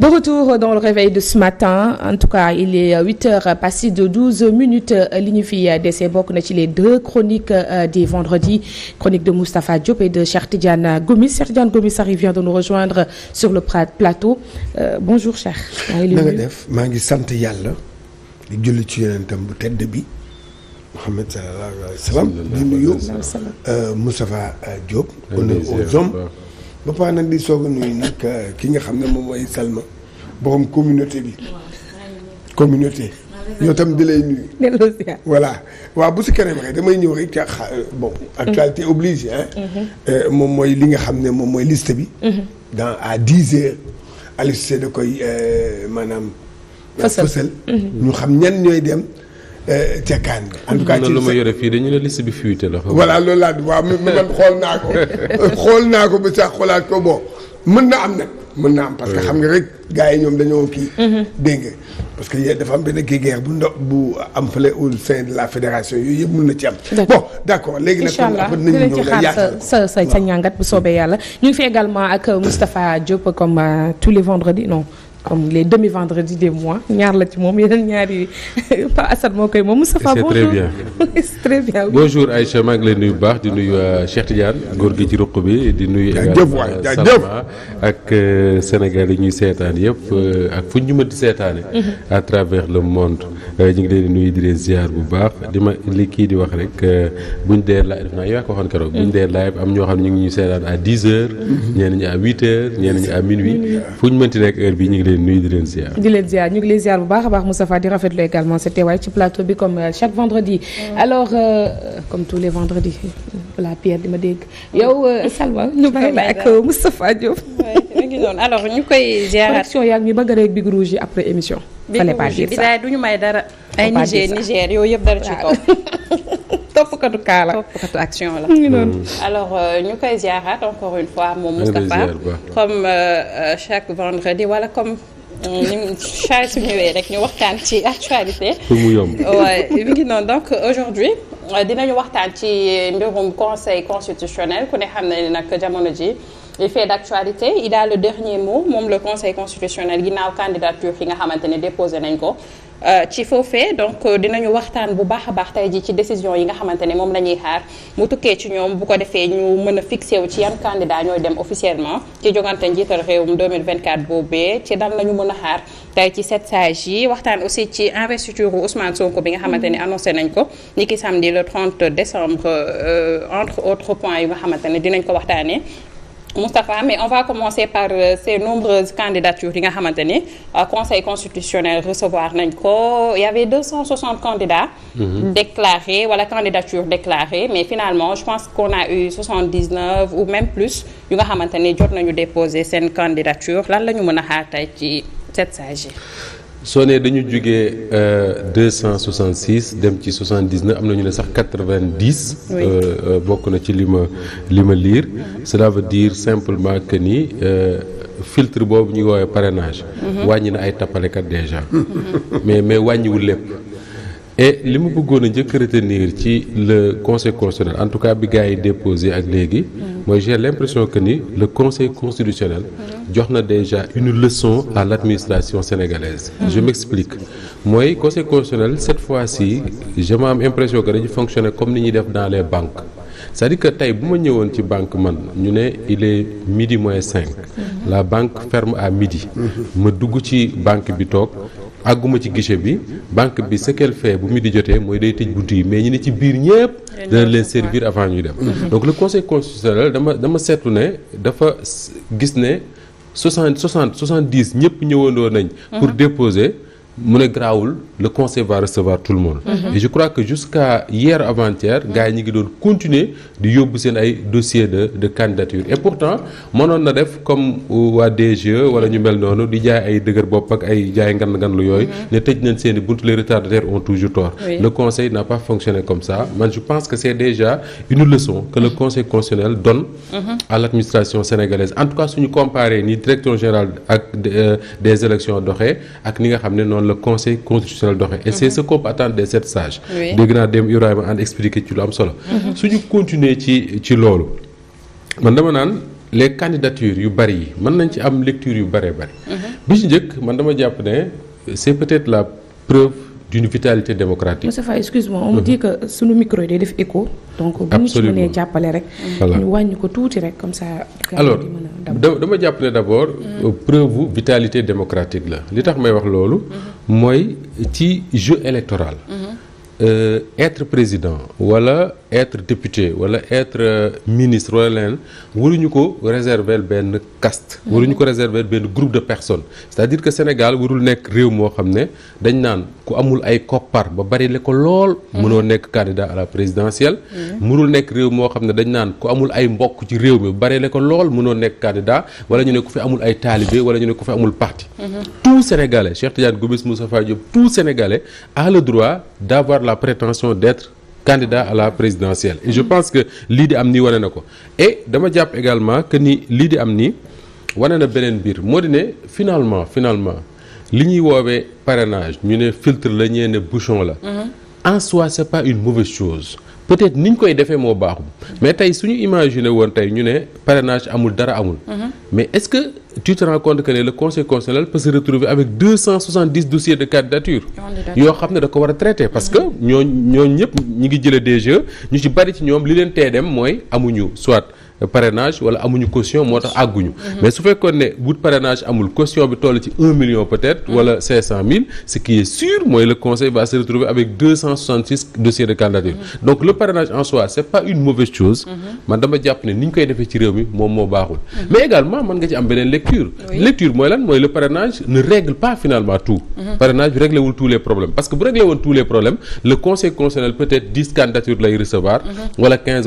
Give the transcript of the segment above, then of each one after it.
De retour dans le réveil de ce matin en tout cas il est 8 euh, heures passées de 12 minutes euh, li ñu fi euh, dese bokk na ci les deux chroniques des vendredis chronique de Moustapha Diop et de Cheikh Tidiane Gomis Cheikh Tidiane Gomis arrive vient de nous rejoindre sur le plateau euh, bonjour Cheikh. maa ngi sant yàlla. di julli ci yonentam bu tedd bi Mouhamed sallallahu alayhi di nuyu euh, Moustapha euh, Diop honneur aux hommes ba pare nag di soog nuyu nag euh, ki nga xam ne moom mooy Salma borom communauté bi communauté ñoo tam di lay nuyu voilà waaw bu si keneen waxee damay ñëw mm-hmm. actualité obligée mm-hmm. moom mooy li nga xam ne moom mooy liste bi mm-hmm. dans à dix heures Aliou Cissé da koy maanaam fësal mhm. ñu xam ñan ñooy dem eh, ca kaan en tout cas ci lu ma yore dañu ne liste bi fuité la. loolu laa di waaw man xool naa xool naa ko ba sax xoolaat ko mën na am nag mën na am parce que xam nga rek gars yi ñoom dañoo kii mhm. dégg nga parce que yéen dafa am benn guerre bu ndox bu am fële au sein de la fédération yooyu yëpp mun na ci am bon d'accord léegi nag nañu na nga yaatal sa sa sa ñàngat bu soobee yàlla ñu ngi fi également ak euh, Moustapha Diop comme euh, tous les vendredis non comme les demi vendredis des mois ñaar la ci moom yeneen ñaari Pa Assane moo koy moom Moustapha bonjour c'est très bien c'est très bien bonjour bu baax di nuyu euh, Cheikh Tidiane góor gi ci ruq bi di nuyu euh, Salma ak euh, Sénégal yi ñuy seetaan yëpp ak fu ñu mën di seetaane mm-hmm. à travers le monde ñu ngi leen di nuyu di leen ziar bu baax di ma li kii di wax rek buñ deer live def naa yaa ko waxoon keroog buñ mm-hmm. deer live am ñoo xam ne ñu ngi ñuy seetaan à 10 mm-hmm. heures ñenn ñi à 8 heures minuit fu ñu mënti leen nuyu di leen ziar. ñu ngi lay ziar bu baax a baax Moustapha di rafetlu également sa teewaay ci plateau bi comme euh, chaque vendredi. alors euh, comme tous les vendredis euh, la Pierre di ma dégg. yow Salma ñu bàyyi la ak Moustapha Diop. waaw ngi noonu ñu koy ziaraat. émission yaa ngi bëgg a rek big rouge yi après émission. fallait pas dire ça duñu may dara. ay Niger yooyu yëpp dara ci kaala toppkatu kaa la action la. Hmm. Euh, ñu koy ziaraat encore une fois moom Moustapha comme euh, euh, chaque vendredi wala comme. ni saa rek ñu waxtaan ci actualité. pour mu yomb mi ngi donc aujourd'hui dinañu waxtaan ci mbirum conseil constitutionnel ku ne xam na ni nag jamono ji les faits d'actualité il daal le dernier mot moom le conseil constitutionnel ginnaaw candidature yi nga xamante ne déposé nañ ko euh, ci foofee donc euh, dinañu waxtaan bu baax a baax tey jii ci décision yi nga xamante ne moom la ñuy xaar mu tukkee ci ñoom bu ko defee ñu mën a fixé wu ci yan candidat ñooy dem officiellement ci jogante njiital réewum 2024 boobee ci dan la ñu mën a xaar tey ci sept sages yi waxtaan aussi ci investiture u Ousmane Sonko bi nga xamante ne mm-hmm. annoncé nañ ko ni ki samedi le 30 décembre euh, entre autres points yu nga xamante ne dinañ ko waxtaanee Moustapha mais on va commencer par euh, ces nombreuses candidatures yi nga xamante ni euh, conseil constitutionnel recevoir nañ ko il y avait 260 candidats mhm. déclarés wala candidature déclarée mais finalement je pense qu'on a eu 79 ou même plus yu nga xamante ni jot nañu déposé seen candidature lan la ñu mën a xaar tey ci cette sage soo nee dañu jugee euh, deux cent soixante six dem ci soixante dix neuf am na ñu ne sax quatre vingt dix. Euh, euh, bokk na ci lima ma li ma liir. cela veut dire simplement que ni. filtre boobu ñu woowee parenage mhm. wàññi na ay tappalekat déjà. Mhm. mais mais wàññiwul lépp. et li ma bëggoon a njëkk retenir ci le conseil constitutionnel en tout cas bi gars yi déposé ak léegi mooy j'ai l'impression que ni le conseil constitutionnel jox na déjà une leçon à l'administration sénégalaise je m'explique mooy conseil constitutionnel cette fois-ci je ma am impression que dañu fonctionner comme ni ñuy def dans les banque c'est-à-dire que tey bu ma ñëwoon ci banque man ñu ne il est midi moins cinq la banque ferme à midi ma dugg ci banque bi toog àgguma ci guichet bi banque bi ce qu'elle fait bu di jotee mooy day tëj bunt yi mais ñi ne ci biir ñëpp dana leen servir avant ñuy dem mm-hmm. donc le conseil constitutionnel dama dama seetlu ne dafa gis ne soixante soixante soixante dix ñëpp ñëwandoo nañ pour mm-hmm. déposer mu ne garaawul le conseil va recevoir tout le monde. Mhm. je crois que jusqu'à hier avant-hier gars yi ñu ngi doon continuer di yóbbu seen ay dossier de de candidature et pourtant mënoon na def comme waa DGE wala ñu mel noonu di jaay ay dëgër bopp ak ay jaay ngan ngan lu yooyu. Mhm. ne tëj nañ seen i bunt les retardataires ont toujours tort. le conseil n'a pas fonctionné comme ça man je pense que c'est déjà une leçon que le conseil constitutionnel donne. Mhm. à l'administration sénégalaise en tout cas suñu comparé ni directeur général ak euh, des élections doxee noonu la conseil constitutionnel doxee et c'est mhm. ce qu'on peut attendre des dégg naa dem Ibrahima ànd expliqué ci lu am solo mhm. suñu continuer ci ci loolu man dama naan les candidatures yu bari yi man nañ ci am lecture yu bëree bëri mhm. bi ci njëkk man dama jàpp ne c'est peut la preuve d'une vitalité démocratique. Monsieur Faye excuse-moi on me mhm. dit que sunu micro yi day def écho. donc bu ñu ci mënee jàppale rek. wàññi ko tuuti rek comme ça. alors dama jàpp ne d'abord. Mhm. Euh, preuve vitalité démocratique la li tax may wax loolu. Mhm. mooy ci jeu électoral. euh, être président wala être député wala être euh, ministre wala leneen waruñu ko réserver benn caste. Mhm. waruñu ko réserver benn groupe de personne c'est-à-dire que Sénégal warul nekk réew moo xam ne dañ naan ku amul ay koppar ba bari le ko lool. Mhm. mënoo nekk candidat à la présidentielle. Mhm. mënul nekk réew moo xam ne dañ naan ku amul ay mbokk ci réew mi ba bari le ko lool mënoo nekk candidat wala ñu ne ku fi amul ay taalibe wala ñu ne ku fi amul parti. tout Sénégalais Cheikh Tidiane Gomis Moustapha Diop la prétention d'être candidat à la présidentielle et je pense que lii di am ni wane na ko et dama jàpp également que ni lii di am nii wane na beneen biir moo di ne finalement finalement li ñuy woowee parrainage ñu ne filtre la ñee ne la mm-hmm. en soi c'est pas une mauvaise chose peut-être niñ koy defee moo baaxul mais tey suñu imaginer woon tey ñu ne parrainage amul dara amul. Mm-hmm. mais est-ce que tu te ne le conséquence constitutionnel peut se retrouver avec deux cent soixante dix dossiers de candidature. yoo xam ne da ko war a traiter. parce que ñooñ mm-hmm. ñooñ ñëpp ñi ngi jëlee des ñu ci bari ci ñoom li leen tee dem mooy amuñu soit. parrainage wala amuñu caution moo tax àgguñu mais su fekkoon ne bu parrainage amul caution bi toll ci un million peut-être wala cinq cent mille ce qui est sûr mooy le conseil va se retrouver avec deux cent soixante six dossiers de candidature donc le parrainage en soi c'est pas une mauvaise chose man dama jàpp ne ni ñu koy defee ci réew mi moom moo baaxul mais également mën nga ci am beneen lecture lecture mooy lan mooy le parrainage ne règle pas finalement tout mhm. parrainage bi réglé wul tous les problèmes parce que bu réglé mhm. wala quinze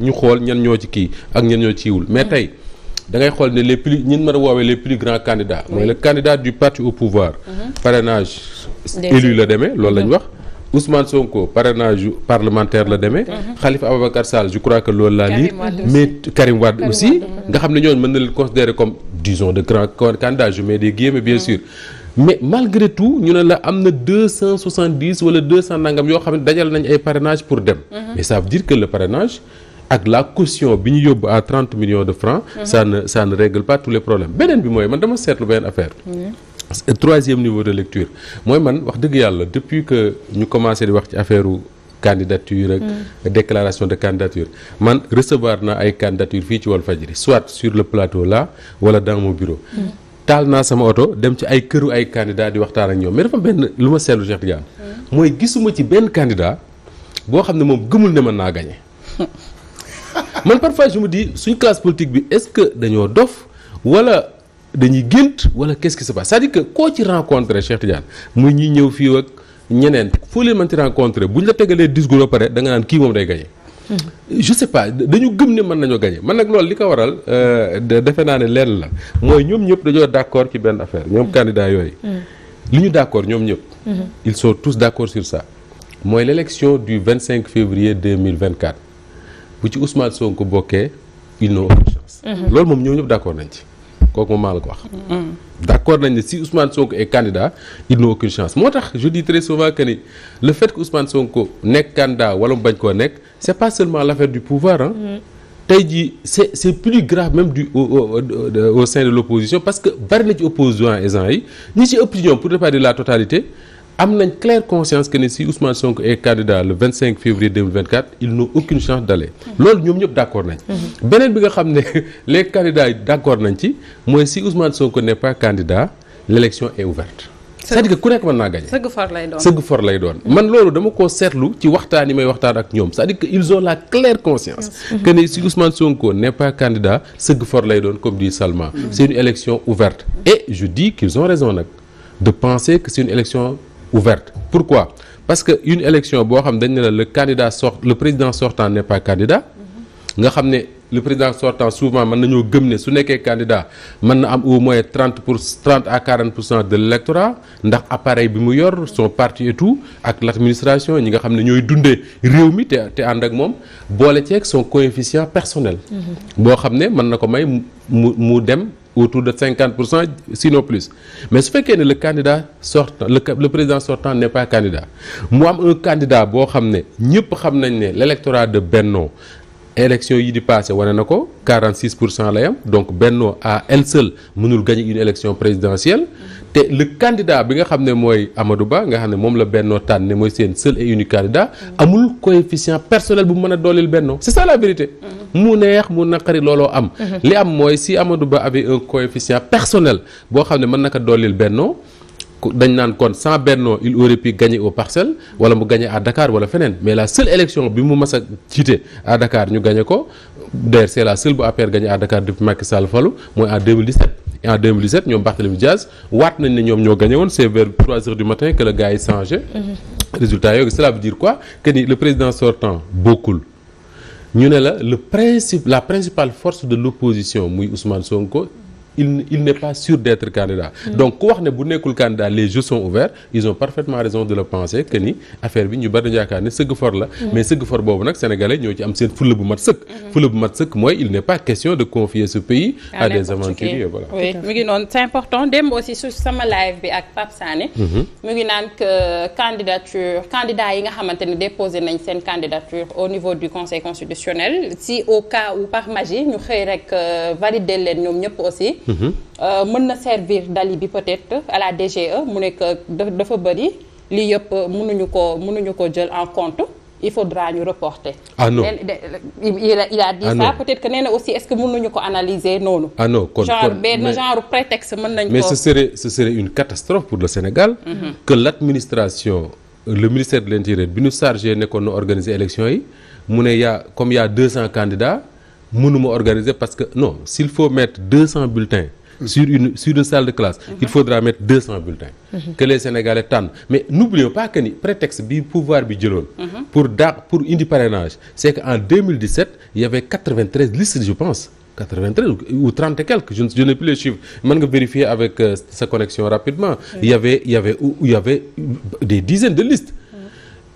ñu xool ñan ñoo ci kii ak ñen ñoo ciy wul mais mm. tey da ngay xool ne les plus ñu mën a woowee les plus grands candidats. mooy oui. le du parti au pouvoir. Mm-hmm. parrainage élu la demee loolu la ñu mm-hmm. wax. Ousmane Sonko parrainage parlementaire la demee. xalifa mm-hmm. Ababacar Sall je crois que loolu laa lire. mais Karim Wade aussi. nga xam ne ñooñu mën na leen considérer comme disons de grands candidats je mets des guillemets bien sûr. mais malgré tout ñu ne la am na deux cent soixante dix wala deux cent nangam yoo xam ne dajal nañ ay parrainage pour dem. mais ça veut dire ak la caution bi ñu yóbbu à trente millions de francs mhm. ça ne ça ne règle pas tous les problèmes beneen bi mooy man dama seetlu benn affaire troisième niveau de lecture mooy man wax dëgg yàlla depuis que ñu commencé di wax ci affaire candidature ak mm. déclaration de candidature man recevoir na ay candidature fii ci Walfadjri soit sur le plateau la wala dans mon bureau mm. taal naa sama oto dem ci ay këru ay candidat di waxtaan ak ñoom mais dafa benn lu ma seetlu Cheikh mm. mooy gisuma ci benn candidat boo xam ne moom gëmul ne mën naa gagné man parfois je me dis suñ bi est-ce que dañoo dof wala dañuy gént wala qu'est-ce qui se que koo ci rencontré Cheikh Tidiane muy ñëw fii ak ñeneen foo leen mën ci rencontré bu la tegalee discours ba pare da nga naan kii moom day gagné. Hmm. je sais pas man nag loolu li ko waral euh, defe naa ne lenn la mooy ñoom ñëpp dañoo d'accord ci benn affaire ñoom hmm. candidat yooyu. Hmm. li ñu d'accord ñoom ñëpp. ils sont tous d'accord sur ça. mooy l'élection du 25 février 2024. bu ci Ousmane Sonko bokkee ils n'ont aucune chance. Mhm. loolu moom ñoom ñëpp d' nañ ci kooku moom maa la ko wax. Mhm. d' accord nañ ne si Ousmane Sonko est candidat ils n'ont aucune chance moo tax je dis souvent que ni le fait que Ousmane Sonko nekk candidat wala mu bañ koo nekk c' pas seulement l' affaire du pouvoir ah. tey jii c' est c' est plus grave même du au, au, au, au sein de l' opposition parce que bari na ci opposants yi ñi ci ëpp pour ne pas la totalité. am nañ claire conscience que ne si Ousmane Sonko est candidat le 25 février 2024 ils n'ont aucune chance d'aller mhm. loolu ñoom ñëpp mhm. nga xam ne les candidats yi nañ ci mooy si Ousmane Sonko n'est pas candidat l'élection est ouverte ku nekk mën naa gagner for lay doon sëgg loolu dama koo seetlu ci waxtaan yi may waxtaan ak ñoom c'est-à-dire que ils ont la claire conscience mhm. for lay doon comme dit Salma c'est une élection ouverte et je dis qu'ils ont raison nag de penser que c'est une élection ouverte pourquoi parce que une élection boo xam dañ ne la le candidat sort le président sortant n'est pas nga xam ne le président sortant souvent mën nañoo gëm ne su nekkee candidat mën na am au moins trente pour trente à quarante pour cent de l'électorat ndax appareil bi mu yor son parti et tout ak l'administration ñi nga xam ne ñooy dundee réew mi te te ànd ak moom boole ceeg son coefficient personnel. Mm-hmm. boo xam ne mën na ko may mu mu dem. autour de cinquante pour cent sinon plus mais su fekkee ne le candidat sortant le, le président sortant n'est pas candidat mu am un candidat boo xam ne ñëpp xam nañ ne l'électorat de Benno élection yi di passé wane na ko 46 pour cent lay am donc Benno à elle seule mënul gagner une élection présidentielle te le candidat bi nga xam ne mooy Amadou Ba nga xam ne moom la bennoo tànn ne mooy seen seul et candidat amul coefficient personnel bu mu mën a dooleel benno c'est ça la vérité mu neex mu naqari looloo am li am mooy si Amadou Ba avait un coefficient personnel boo xam ne mën naka ko dooleel bennoo dañ naan kon sans Benno il aurait pu gagner aux wala mu gagner à Dakar wala feneen mais la seule élection bi mu mas a jiite à Dakar ñu gagné ko d'ailleurs c'est la seule bu APR gagné à Dakar depuis mooy en 2017 en 2017 ñoom Barthélemy Diaz waat nañ ne ñoom ñoo gagné woon c'est vers 3 heures du matin que le gars yi mm-hmm. résultat yooyu cela veut dire quoi que le président sortant bokkul. ñu ne la le principe la principale force de l'opposition muy Ousmane Sonko il il n'est pas sûr d'être candidat mm. donc ku wax ne bu nekkul candidat les jeux sont ouverts ils ont parfaitement raison de le penser que ni affaire bi ñu bari yaakaar ne sëgg for la mm. mais sëgg for boobu nag sénégalais ñoo ci am seen fulla bu mat sëkk mm-hmm. fulla bu mat sëkk mooy il n'est pas question de confier ce pays à des aventuriers voilà oui mu ngi noonu c'est important démb aussi su sama live bi ak Pape mm-hmm. mu ngi naan que candidature candidat yi nga xamante ne déposé nañ seen candidature niveau du conseil constitutionnel si au cas où par magie ñu euh, ñoom ñëpp aussi Euh, mën na servir dali bi peut-être à la DGE mu nekk dafa bëri lii yëpp mënuñu ko mënuñu ko jël en compte il faudra ñu reporter. ah non il a il a dit ah, nee na aussi est-ce que mënuñu ko analyser noonu. ah non kon genre benn genre prétexte mën nañ ko mais ce serait ce serait une catastrophe pour le Sénégal. Mhm. que l'administration le ministère de l'Intérieur bi ñu chargé ne ko nu organiser élection yi mu ne y a comme y a mënuma organiser parce que no s'il faut mettre deux cent bulletins sur une sur une salle de classe mhm. il faudra mettre deux cent bulletins mhm. que les tànn mais n'oublions pas que ni prétexte bi pouvoir bi jëloon mhm. pour daax pour indi parrainage c'est que en 2017 il y avait 93 listes je pense 93 ou 30 et quelques je ne je n'ai plus les mën nga vérifier avec euh, sa connexion rapidement il y avait y avait il y avait des dizaines de listes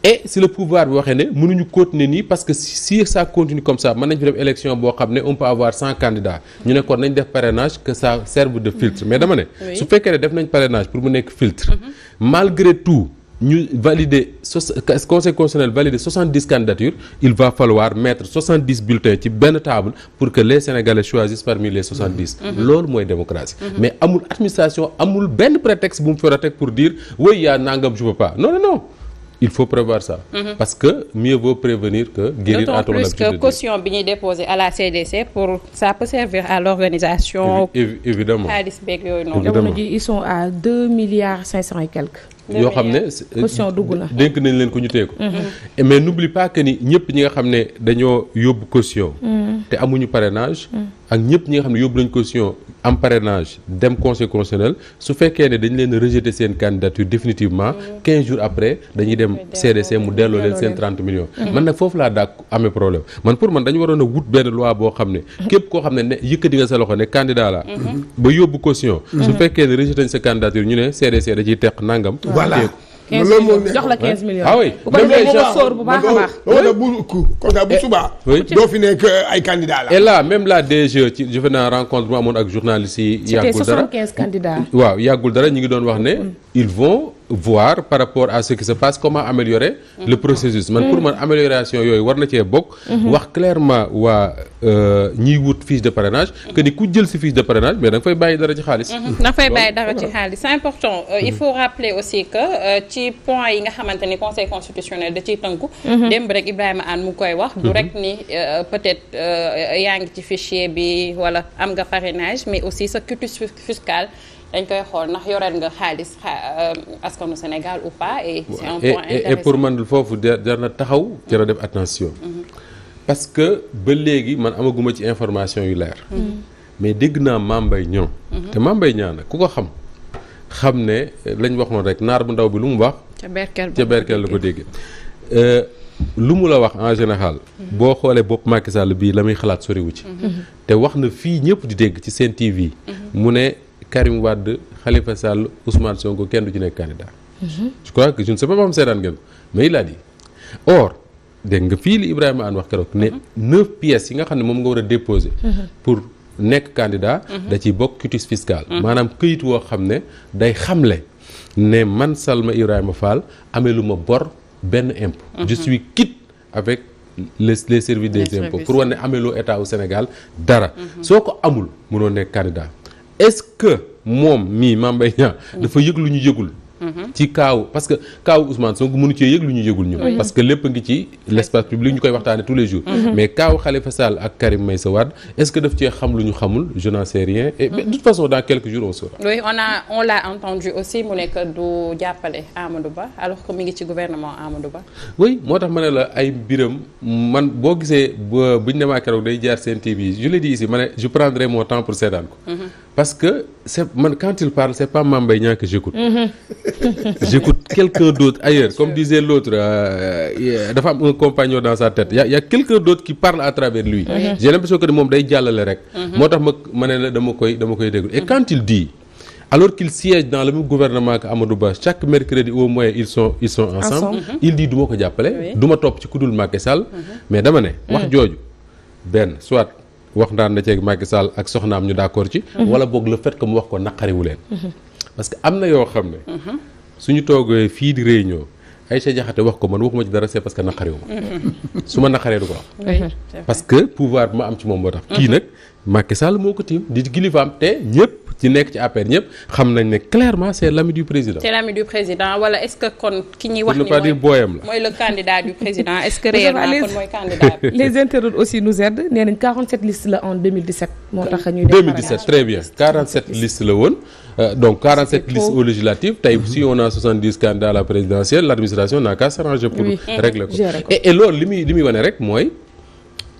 e si le pouvoir bi waxee ne mënuñu continuer nii parce que si ça continue comme ça mën nañ fi def élection boo xam ne on peut avoir cent candidats ñu ne kon nañ def parrainage que ça serve de filtre mais dama ne su fekkee ne def nañ parrainage pour mu nekk filtre mhm. malgré tout ñu valider euh, conseil constitutionnel valider soixante dix candidatures il va falloir mettre soixante dix bulletins ci benn table pour que les sénégalais choisissent parmi les soixante dix. Mhm. Mhm. loolu mooy démocratie. mais amul administration amul benn prétexte bu mu fi a teg pour dire oui yaa nangam je peux pas il faut prévoir ça. Mmh. parce que mieux vaut prévenir que guérir à plus que caution bi ñuy déposé à la CDC pour ça peut servir à l'organisation. évidemment xaalis beeg yooyu noonu. évidemment deux milliards cinq cent et quelques. yoo xam ne euh, caution dugg na dénk nañ leen ko ñu téye ko. Mm-hmm. mais n'oublie pas que ni ñëpp ñi nga xam ne dañoo yóbbu caution. Mm-hmm. te amuñu parrainage. Mm-hmm. ak ñëpp ñi nga xam ne yóbbu nañ caution am parrainage dem conseil constitutionnel su fekkee ne dañ leen rejeter seen candidature définitivement 15 jours après dañuy dem CDC mu delloo leen seen 30 millions. Mm-hmm. man nag foofu laa daak amee problème man pour man dañu waroon a wut benn loi boo xam ne. képp koo xam ne ne yëkkati nga sa loxo ne candidat la. Mm-hmm. ba yóbbu caution. su mm-hmm. fekkee ne rejeter nañ sa candidature ñu ne CDC da ciy teq nangam. 15 millions jox la 15 millions. Ah bu baax a baax. loolu bu kon bu subaa. doo fi nekk euh, ay candidats la. et la même la DG ci defe naa rencontre bu amoon ak journaliste yi. yàggul dara c'était 75 candidats. waaw yàggul dara ñu ngi doon wax ne. Mm. ils vont voir par rapport à ce qui se passe comment améliorer le processus man pour man amélioration yooyu war na cee bokk wax clairement waa euh, ñiy wut fiche de parrainage que ni ku jël si fiche de parrainage mais da nga fay bàyyi dara ci xaalis mhm. da fay bàyyi dara ci xaalis c'est important euh, il faut rappeler aussi que euh, ci point yi nga xamante ni conseil constitutionnel da ciy tënku mhm. démb rek Ibrahima Anne mu koy wax du mhm. rek ni peut-être yaa ngi ci fichier bi wala am nga parrainage mais aussi sa quitus dañ koy xool ndax yoreel nga xaalis euh, askanu Sénégal ou pas et pour man foofu de jar na taxaw jar a def attention mm-hmm. parce que ba léegi man amaguma ci information yu leer mm-hmm. mais dégg naa Mambay ñoom mm-hmm. te Mambay ñaa nag ku ko xam xam ne euh, lañ wax noonu rek naar bu ndaw bi lu mu wax ca berkel la ko dégg euh, lu mu la wax en général boo xoolee bopp Macky bii la muy xalaat soriwu ci te wax na fii ñëpp di dégg ci seen TV mu ne Karim Wade Khalifa Sall Ousmane Sonko kenn du ci nekk candidat. je crois que je ne sais pas moom seetaan ngeen ko or dégg nga fii li Ibrahima Anne wax keroog ne neuf pièces yi nga xam ne moom nga war a déposer. pour nekk candidat. da ciy bokk quitus fiscal. maanaam këyit woo xam ne day xamle ne man Salma Ibrahima Fall amee lu ma bor benn impôt. je suis quitte avec les les services des impôts pour wane ne ameeloo état au Sénégal dara. soo ko amul mënoo nekk candidat. est-ce moom mii Mame Mbaye dafa yëg lu ñu yëgul ci kaaw parce que kaaw Ousmane Sonko mënu ci yëg lu ñu yëgul ñu parce que lépp ngi ci l'espace public ñu koy waxtaane tous les jours mm-hmm. Mm-hmm. mais kaaw Khalifa Sall ak Karim Meïssa Wade est-ce que daf cee xam lu ñu xamul je n'en sais rien et de mm-hmm. toute façon dans quelques jours on saura a on l'a aussi mu nekk du jàppale Amadou Ba alors que mi ngi ci gouvernement Amadou Ba oui moo tax ma ne la ay biram man boo gisee buñ demaa keroog day jaar seen TV je l'ai dit ici ma ne je prendrai mon temps pour seetaan ko parce que c'est man quand il parle c'est pas Mame Mbaye Niang que j'écoute mm-hmm. j'écoute quelqu'un d'autre ailleurs comme disait l'autre euh, dafa am un compagnon dans sa tête il y a quelqu'un d'autre qui parle à travers lui mm-hmm. j'ai l'impression que moom day jàllale rek mm-hmm. moo tax ma ma ne la dama koy dama koy déglu et quand il dit alors qu'il siège dans le même gouvernement que Amadou Ba chaque mercredi au moins ils sont ils sont ensemble il dit du ma ko jàppale du ma topp ci kudul Macky Sall mais dama ne wax jooju wax naan na ceeg Macky Sall ak soxnaam ñu d'accord ci. Mhm. wala boog le fait que mu wax ko naqariwu leen. Mhm. parce que am na yoo xam ne. Mhm. su ñu toogee fii di réunion Aïcha Diakhaté wax ko man waxuma ci dara c'est parce que naqariwu ma. su ma naqaree du ko wax. parce que pouvoir bi ma am ci moom moo tax. kii nag Macky Sall moo ko tiim di kilifaam te ñëpp ci nekk ci APR ñëpp xam nañ ne clairement c' est l' ami du président. c' est l' président wala est ce que kon ki ñuy wax. ni mooy booyam la mooy le candidat du président est ce que. réellement kon mooy candidat les internautes aussi nous aident nee nañ 47 listes la en 2017. moo tax ñuy def 2017 très bien 47 listes la woon. Euh, donc 47 listes aux législatives tey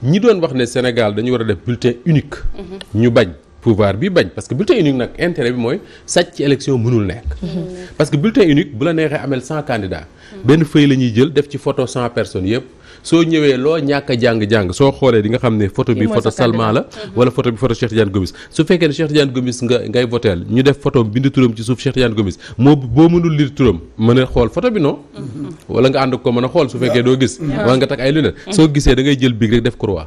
ñi doon wax ne Sénégal dañu war a def bulletin unique. Mhm. ñu bañ pouvoir bi bañ parce que bulletin unique nag intérêt bi mooy sàcc ci élection mënul nekk. Mhm. parce que bulletin unique bu la neexee ameel cent candidats. Mhm. benn fëy la ñuy jël def ci photo cent personnes yëpp. soo ñëwee loo ñàkk a jàng-jàng soo xoolee di nga xam ne photo bi photo Salma la wala photo bi photo Cheikh Tidiane Gomis su fekkee ne Cheikh Tidiane Gomis nga ngay voteel ñu def photo bind turam ci suuf Cheikh Tidiane Gomis moo boo mënul lire turam mën a xool photo bi non mm-hmm. wala nga ànd ko mën a xool su fekkee doo gis mm-hmm. wala nga takk ay lunettes soo gisee da ngay jël biig rek def croix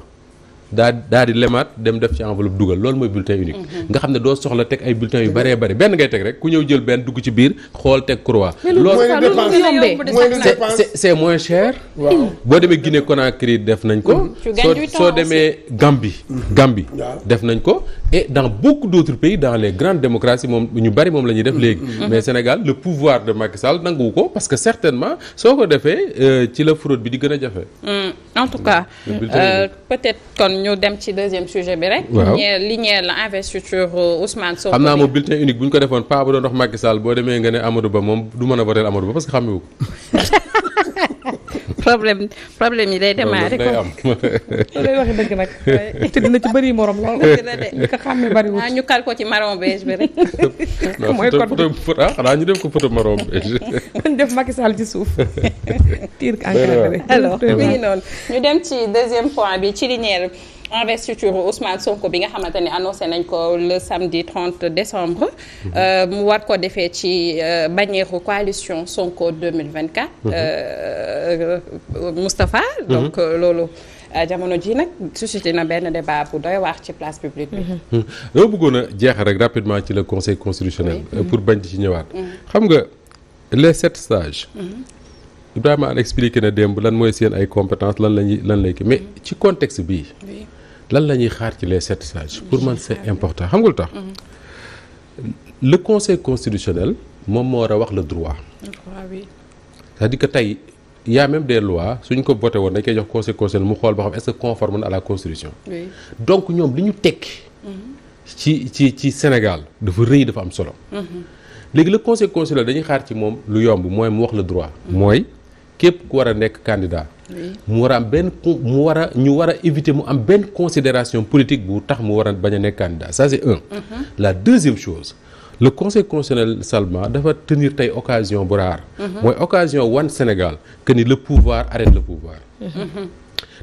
daa daa di lemaat dem def ci enveloppe dugal loolu mooy bulletin unique mhm. nga xam ne doo soxla teg ay bulletins yu bëree bëri benn ngay teg rek ku ñëw jël benn dugg ci biir xool teg croix loolu c'est moins cher boo demee Guinée Conakry def nañ ko soo soo demee Gambie mhm. Gambie def nañ ko et dans beaucoup d'autres pays dans les grandes démocraties moom ñu bari moom la ñuy def léegi mm-hmm. mais Sénégal le pouvoir de Macky Sall nanguwu ko parce que certainement soo ko defee euh, ci la fraude bi di gën a jafe mm. en tout cas mm. euh, peut-être kon ñu dem ci deuxième sujet bi rek ñeel li ñeel la investiture euh, Ousmane Sonko xam naa moom bulletin unique bu ñu ko defoon pa ba doon wax Macky boo demee nga ne Amadou Ba moom du mën a voter Amadou Ba parce que xàmmewu ko problème problème yi day démarrer comme loolu lay waxi dëgg nag te dina ci bëri morom lool. ñu ko xàmmee bëriwul ah ñu kal ko ci marron beige bi rek. mooy code ah xanaa ñu def ko photo marron beige. ñu def Macky Sall ci suuf. tiir encadré alors mi ngi noonu ñu dem ci deuxième point bi ci linéaire investiture Ousmane Sonko bi nga xamante ne annoncé nañ ko le samedi 30 décembre. Mhm. Euh, mu war ko defee ci euh, bannière coalition Sonko 2024. Mhm. Euh, Moustapha. Mhm. donc loolu. jamono ji nag suscité na benn débat bu doy wax ci place publique bi. dama bëggoon a rek rapidement ci le conseil constitutionnel. pour bañ ci ñëwaat. xam nga les sept sages. Ibrahima a expliqué na démb lan mooy seen ay compétences lan lañuy lan lay mais ci contexte bii. lan la ñuy xaar ci les certifications pour man c' est important xam nga la tax. le conseil constitutionnel moom moo war a wax la droit. le di oui. que tey y' a même des lois suñ ko voté woon dañ koy jox conseil constitutionnel mu xool ba xam est que conforme na à la constitution. donc ñoom li ñu tekki. Mm-hmm. ci ci ci Sénégal dafa rëy dafa am solo. Mm-hmm. léegi le conseil constitutionnel dañuy xaar ci moom lu yomb mooy mu wax la droit. mooy képp ku war a nekk candidat. mu war a am benn mu war a ñu war a éviter mu am benn considération politique bu tax mu war a bañ a nekk candidat ça c'est un mhm. la deuxième chose le conséquence constitutionnel dafa tenir tey occasion bu rare mhm. mooy occasion wan Sénégal que ni le pouvoir arrête le pouvoir mhm.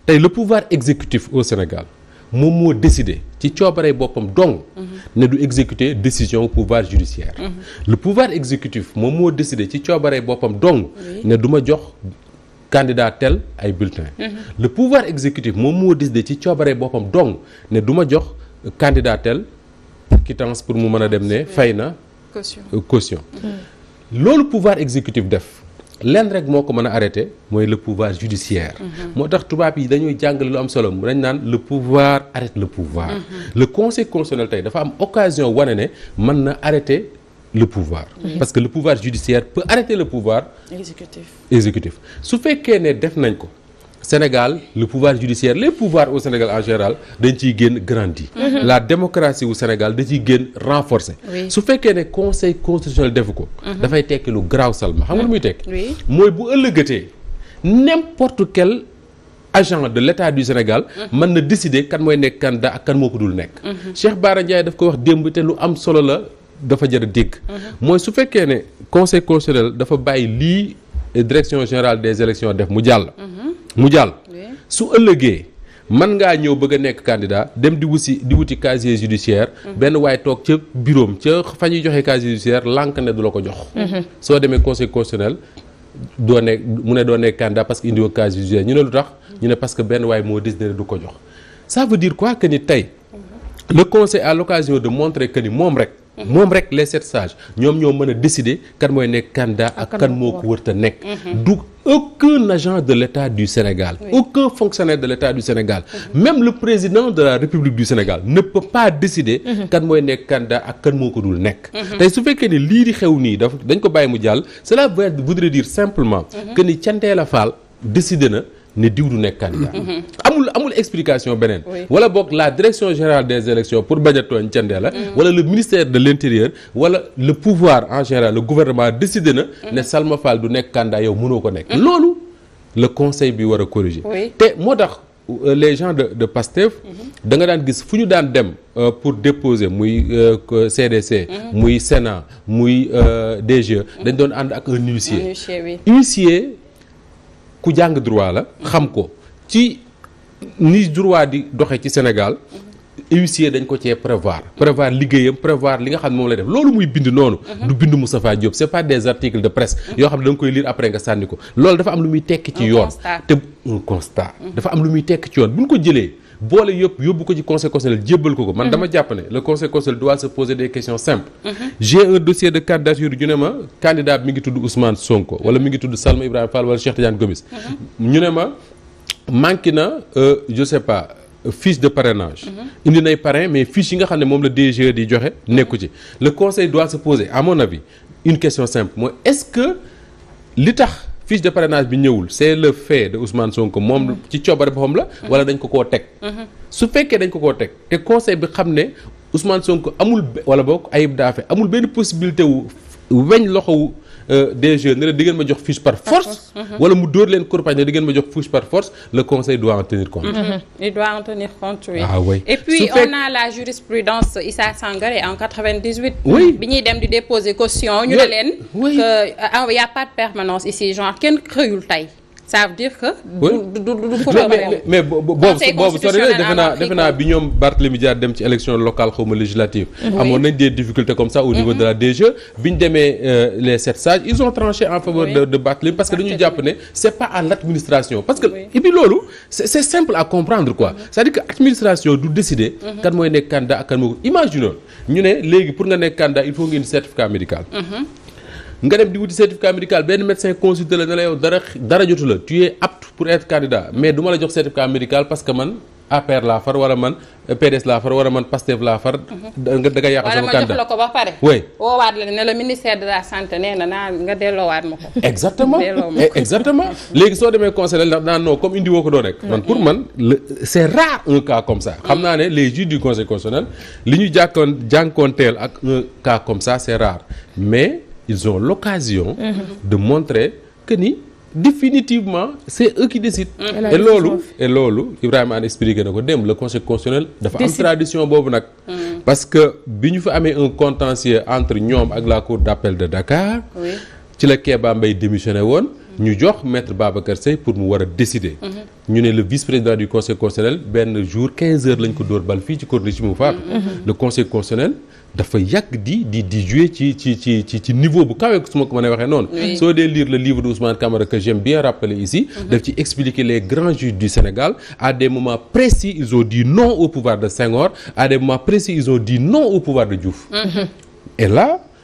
tey le pouvoir exécutif au Sénégal moom moo décidé ci coobaree boppam donc ne du exécuter décision pouvoir judiciaire le pouvoir exécutif moom moo décidé ci coobaree boppam donc ne du ma jox candidat tel ay bulletin le pouvoir exécutif moom moo décidé ci coobare boppam dong ne du ma jox candidat tel quittance pour mu mën a dem ne fay na caution euh, mm. Mm. loolu pouvoir exécutif def lenn rek moo ko mën a arrêté mooy le pouvoir judiciaire mm-hmm. moo tax tubaab yi dañuy jàngale lu am solo mu dañ naan le pouvoir arrête le pouvoir mm-hmm. le conseil constitutionnel tey dafa am occasion wane ne mën na arrêté le pouvoir. Mmh. parce que le pouvoir judiciaire peut arrêter le pouvoir. exécutif exécutif su fekkee ne def nañ ko. Sénégal lu pouvoir judiciaire les pouvoirs au Sénégal en général dañ ciy génn grandi mhm. la démocratie wu Sénégal da ciy génn renforcé su fekkee ne conseil constitutionnel defu ko mhm. dafay tekki lu garaaw salma xam nga muy tekk mooy bu ëllëgatee n'importe quel agent de l'État du Sénégal man mhm. na décider kan mooy nekk candidat ak kan moo ko dul nekk Cheikh Bara ko wax démb lu am solo la dafa jar a mhm. mooy su fekkee ne conseil constitutionnel dafa bàyyi lii direction général des élections def mu jàll. Mhm. mu jàll su ëllëgee man ngaa ñëw bëgg a nekk candidat dem di wusi di wuti casier judiciaire. Mhm. benn waaye toog ca bureau ca fa ñuy joxe casier judiciaire lank ne du la ko jox. soo demee conseil constitutionnel. doo nekk mu ne doo nekk candidat parce que indiwoo casier ñu ne lu tax ñu ne parce que benn waaye moo décidé ne du ko jox ça veut quoi que ni tey le conseil a l'occasion de montrer que ni moom rek. Mhm. moom rek les sept sages ñoom ñoo mën a décider kan mooy nekk candidat ak kan moo ko wërta nekk mhm. du aucun agent de l'État du Sénégal oui. aucun fonctionnaire de l'État du Sénégal mmh. même le président de la République du Sénégal nëpp peut pas décider mhm. kan mooy nekk candidat ak kan moo ko dul nekk tey su fekkee ni lii di xew nii dafa dañ ko bàyyi mu jàll cela voudrait dire simplement que ni Thientella Fall décider na ne diw du nekk candidat mhm. amul amul explication beneen wala boog la direction générale des élections pour bañ a tooñ la mhm. wala le ministère de l'intérieur wala le pouvoir en général le gouvernement décidé na mhm. ne Salma du nekk candidat yow mënoo ko nekk loolu le conseil bi war a te moo tax euh, les gens de de Pastef da nga daan gis fu ñu daan dem euh, pour déposer muy CDC euh, muy Sénat muy DG e, dañ doon ànd ak un huissier ku jàng droit la xam ko ci ni droit di doxe ci Sénégal huissier dañ ko cee prévoir prévoir liggéeyam prévoir li nga xam ne moom la def loolu muy bind noonu mhm. du bind Moustapha Diop c'est pas des articles de presse yoo xam ne da nga koy lire après nga sànni ko loolu dafa am lu muy tekk ci yoon te un constat dafa am lu muy tekki ci yoon buñ ko jëlee boole yëpp yóbbu ko ci conseil constitutionnel jébbal ko ko man mhm. dama jàpp ne le conseil constitutionnel doit se poser des questions simples mhm. j'ai un dossier de candidature ñu ne ma candidat bi mi ngi tudd Ousmane Sonko wala mi ngi tudd Salma Ibrahima Fall wala Cheikh mhm. ñu ne ma manqué na euh, je sais pas fiche de parrainage indi nay parrain mais fiche yi nga xam ne moom la DGE di joxe nekku le conseil doit se poser à mon avis une question simple mooy est-ce que li tax fiche de parrainage bi ñëwul c'est le fait de Ousmane Sonko moom mm-hmm. ci coobare boppam la. Mm-hmm. wala dañ ko koo teg. Mm-hmm. su fekkee dañ ko koo teg te conseil bi xam ne Ousmane Sonko amul wala boog Ayib Daffé amul benn possibilité wu weñ loxo wu. Euh, DG ne la di ngeen ma jox fiche par force. Uh-huh. wala mu dóor leen campagne ne di ngeen ma jox fiche par force le conseil doit en tenir compte. Mm-hmm. il doit en tenir compte oui. ah et puis on a la jurisprudence Issa Sangaré en 98. oui bi ñuy dem di déposer caution. ñu ne leen. oui que il euh, ah, y a pas de permanence ici genre kenn xëyul tey. ça veut dire que. du du du du mais boobu boobu na defe naa bi ñoom Barthélémy Dias dem ci élection locale xaw ma législative. amoon nañ des difficultés comme ça au niveau de la mm-hmm. DG. E. bi ñu demee euh, les sept sages ils ont tranché en faveur de de parce que dañu jàpp ne c' est pas à l' administration. parce que et puis loolu c' est simple à comprendre quoi mm-hmm. c' dire que administration du décider. Mm-hmm. kan mooy nekk candidat ak kan moo ko ñu ne léegi pour nga nekk candidat il faut nga indi certificat nga dem di wuti certificat médical benn médecin consulté la ne la yow dara jotu la tu es pour être candidat mais du ma la jox certificat médical parce que man APR laa far wala man PDS laa far wala man PASTEF laa far. Mhm. da nga da ma jox la ko ba pare. oui woowaat la ne la ministère de la santé nee na naa nga delloowaat ma eh, ko. exactement léegi soo demee conseil la naan non comme indi woo ko doon rek. man pour man c' est rare naa ne les juges du conseil constitutionnel li ñu ak un cas comme ils ont l'occasion mhm. de montrer que ni définitivement c'est eux qui décident mhm. et loolu et loolu Ibrahima an expliqué na ko démb le conseil constitutionnel dafa am tradition boobu nag mhm. parce que bi ñu fa amee un contentieux entre ñoom ak la cour d'appel de Dakar ci la Kéba Mbaye démissionné woon ñu jox maître Babacar Seye pour mu war a décider ñu ne le vice-président du conseil constitutionnel benn jour 15 heures lañ ko dóor bal fii ci corniche mu faatu le conseil constitutionnel dafa yàgg di di di ci ci ci ci ci niveau bu kawe su ma ko mën a waxee noonu. soo dee lire le livre de Ousmane Camara que j'aime bien rappeler ici. Mm-hmm. daf ci expliquer les grands juges du Sénégal à des moments précis ils ont dit non au pouvoir de Senghor à des moments précis ils ont dit non au pouvoir de Diouf. Mm-hmm. et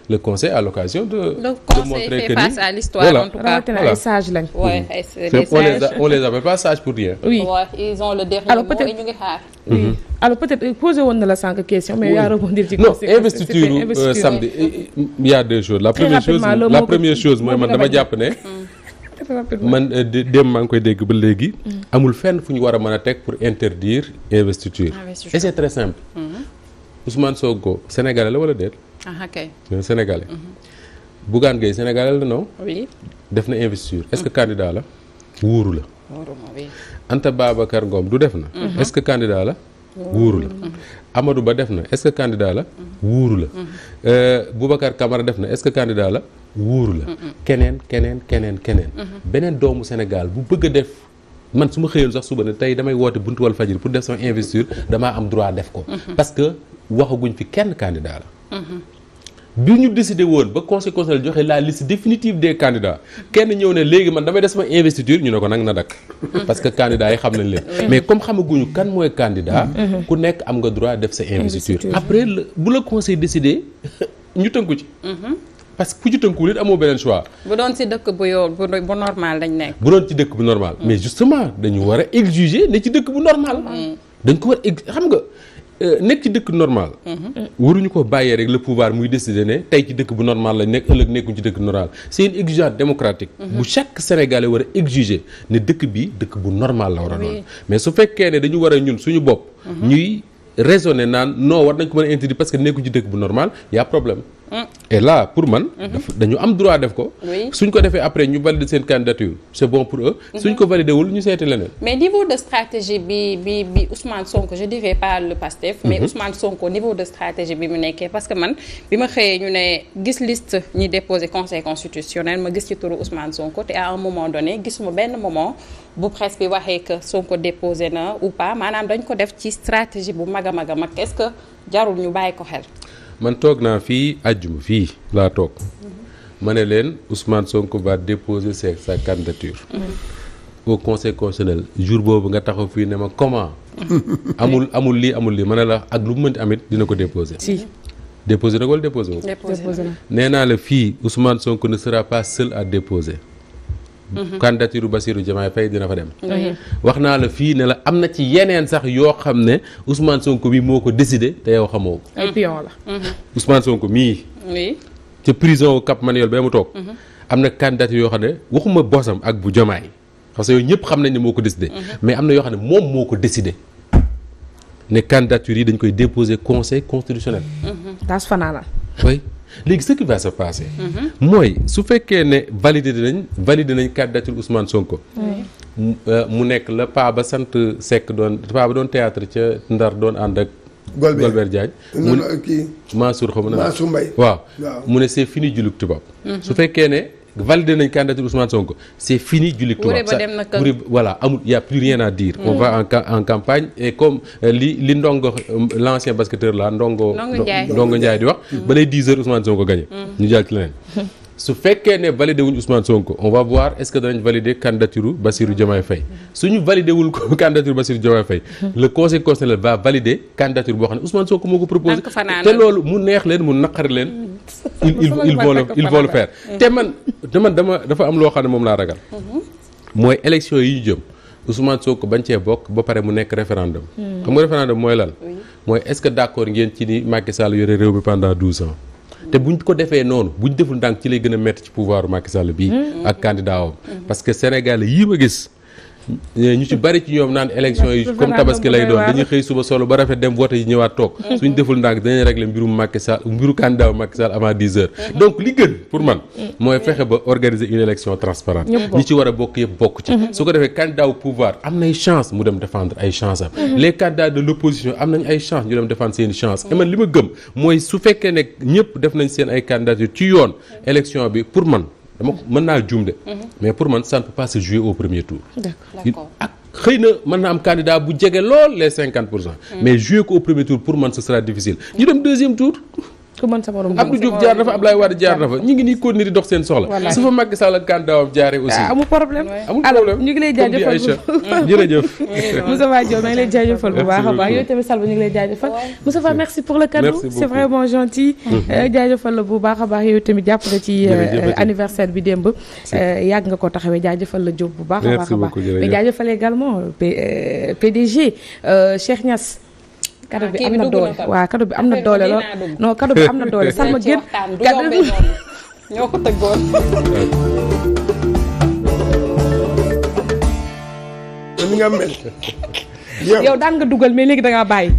le conseil a l'occasion de. de montrer face à l'histoire voilà, en tout cas. voilà ay sages lañ. oui ay sages on les a, on les appelle pas sages pour rien. oui ouais, ils ont le dernier alors, mot et mhm. euh, na la sànq question mais yaa rebondir ci. non investiture euh, samedi il y a deux choses. la première chose la première chose mooy man dama jàpp ne. Mm. man euh, démb maa ngi koy dégg ba léegi. Mm. amul fenn fu ñu war a mën a teg pour interdire investiture. investiture et c'est très simple. Mm. Ousmane Sonko Sénégalais la wala déet. ah kay c'est un sénégalais. Bougane Gueye def na investiture est-ce que candidat la wuuru la. Anta Babacar du mhm. mhm. def na. est-ce que candidat la. Mhm. wuuru la Amadou Ba def na est-ce que la. wuuru la. Boubacar Camara def na est-ce que candidat la. wuuru la. keneen keneen keneen keneen. beneen doomu Sénégal bu bëgg def. man su ma xëyee sax suba ne tey damay woote buntu wal fajiri pour def sama investiture damaa am droit def ko. parce que waxaguñ fi kenn candidat la. bi ñu décidé woon ba conseil constitutionnel joxe la liste définitive des candidats kenn ñëw ne léegi man damay des ma investiture ñu ne ko nag na dakk parce que candidats yi xam nañ leen. mais comme xamaguñu kan mooy candidat. Mhm. ku nekk am nga droit def sa investiture. après bu la conseil décidé ñu tënku ci. Mhm. parce que ku ci tënkuwul it amoo beneen choix. bu doon ci dëkk bu yow bu normal lañ nekk. bu doon ci dëkk bu normal. Mm. mais justement dañu war a ne ci dëkk mm. ko war nga. Euh, nekk ci dëkk normal. Mhm. waruñu ko bàyyee rek le pouvoir muy décider ne tey ci dëkk bu normal la nekk ëllëg nekkuñ ci dëkk normal c' est une exigence démocratique. Mhm. bu chaque sénégalais war a exiger ne dëkk bi dëkk bu normal la war a doon. mais su fekkee ne dañu war a ñun suñu bopp. Mhm. ñuy raisonner naan non war nañ ko mën a interdire parce que nekkuñ ci dëkk bu normal y' problème. et là pour man. Mhm. dañu am droit def ko. suñ ko defee après ñu valider seen candidature c'est bon pour eux. Mhm. suñ ko validé wul ñu seeti leneen. mais niveau de stratégie bi bi bi Ousmane Sonko je dirais pas mais mhm. Ousmane Sonko niveau de stratégie bi mu nekkee parce que man bi ma xëyee ñu ne gis list ñi déposé conseil constitutionnel ma gis ci turu Ousmane Sonko te à un moment donné gisuma benn moment bu presse bi waxee que Sonko déposé na ou pas maanaam dañ ko def ci stratégie bu mag a mag a mag est-ce que jarul ñu bàyyi ko xel. man toog naa fii àjjuma fii laa toog ma ne leen Ousmane Sonko va déposer sa sa candidature. Mm-hmm. au conseil constitutionnel jour boobu nga taxaw fii ne ma comment. Mm-hmm. amul amul lii amul lii ma ne la ak lu mu mënti amit dina ko déposer. si déposé na wala déposer wu. déposer na nee naa la fii Ousmane Sonko ne sa pas seul à déposé candidature mm-hmm. Bassirou Diomaye Faye dina fa dem mm-hmm. wax naa la fii ne la am na ci yeneen sax yoo xam ne Ousmane Sonko bi moo ko décidé te yow xamoo ay mm-hmm. pion la Ousmane mii ca prison Cap Manuel be mu toog am na candidature yoo xam ne waxuma bosam ak bu Diomaye parce que yooyu ñëpp xam nañ ne moo ko décidé mais am na yoo xam ne moom moo ko décidé ne candidature yi dañ koy déposer conseil constitutionnel tas fanaanal léegi ce qui va se mooy su fekkee ne validé nañ validé nañ candidature Ousmane Sonko. Euh, mu nekk la paa ba sant Seck doon paa ba doon théâtre ca Ndar doon ànd ak. Golbert Golbert Diagne. mu ne kii Mansour xam waaw mu ne c'est fini juluk tubaab. Mhm. su fekkee ne. validé nañ candidature Ousmane Sonko c'est fini julli tubaab voilà amul y a plus rien à dire on mm. va en campagne et comme euh, li li ndongo euh, l'ancien basketteur là ndongo ndongo Ndiaye di wax mm. balay 10 heures Ousmane Sonko gagné mm. ñu jàll ci leneen su fekkee ne validé wuñ Ousmane Sonko on va voir est-ce que danañ valider candidature Bassirou Diomaye Faye suñu validé wul candidature Bassirou Diomaye Faye le conseil constitutionnel va valider candidature boo xam ne Ousmane Sonko moo ko proposé il il il va le il te man dama dama dafa am loo xam ne moom laa ragal. Mhm. mooy élection yi ñu jëm Ousmane ko bañ cee bokk ba pare mu nekk référendum. Hmm. xam nga référendum mooy lan. mooy est-ce que d'accord ngeen ci ni Macky Sall yore réew mi pendant douze ans. te buñ ko defee noonu bu buñ deful ndànk ci lay gën a métti ci pouvoir Macky Sall bii. Hmm. ak candidat am hmm. parce que Sénégal yii ma gis. ñu ci bari ci ñoom naan élection yi comme tabaski lay doon dañuy xëy suba solo ba rafet dem vote yi ñëwaat toog mm. suñ deful ndànk dinañ régler mbirum Macky Sall mbiru candidat Macky Sall avant 10 heures mm. donc li gën pour man mm. mooy fexe ba organiser une élection transparente ñi ci war a bokk yëpp bokk ci mm-hmm. su ko defee candidat au pouvoir am nay chance mu dem défendre ay chance am mm-hmm. les de l' am nañ ay chance ñu dem défendre seen chance et man li ma gëm mooy su fekkee ne ñëpp def nañ seen ay candidature ci yoon élection bi pour man dama ko mën naa juum de. Mhm. mais pour man ça ne peut pas se jouer au premier tour. ak xëy na mën naa am candidat bu jege lool les cinquante pour cent. Mhm. mais jouer ko au premier tour pour man ce sera difficile. ñu dem deuxième tour. ku mën sa morom Abdou Diouf jaar dafa Abdoulaye Wade jaar dafa ñu ngi nii continuer di dox seen soxla su fa Macky Sall ak kandaawam jaaree aussi ah, amul problème amul ñu ngi lay jaajëfal jërëjëf bu baax a baax yow tamit Salba ñu ngi lay jaajëfal Moustapha mm-hmm. euh, bu baax a baax yow tamit jàpp na ci euh, anniversaire bi démb euh, yàgg nga ko taxawee jaajëfal la Diop bu baax a baax a baax mais jaajëfal également PDG Cheikh Niass kado bi ah, am na doole waaw kado bi am na doole lool non kado bi am na doole sama ma gën kado bi ñoo ko tëggoon nga yow daan nga dugal mais léegi da ngaa bàyyi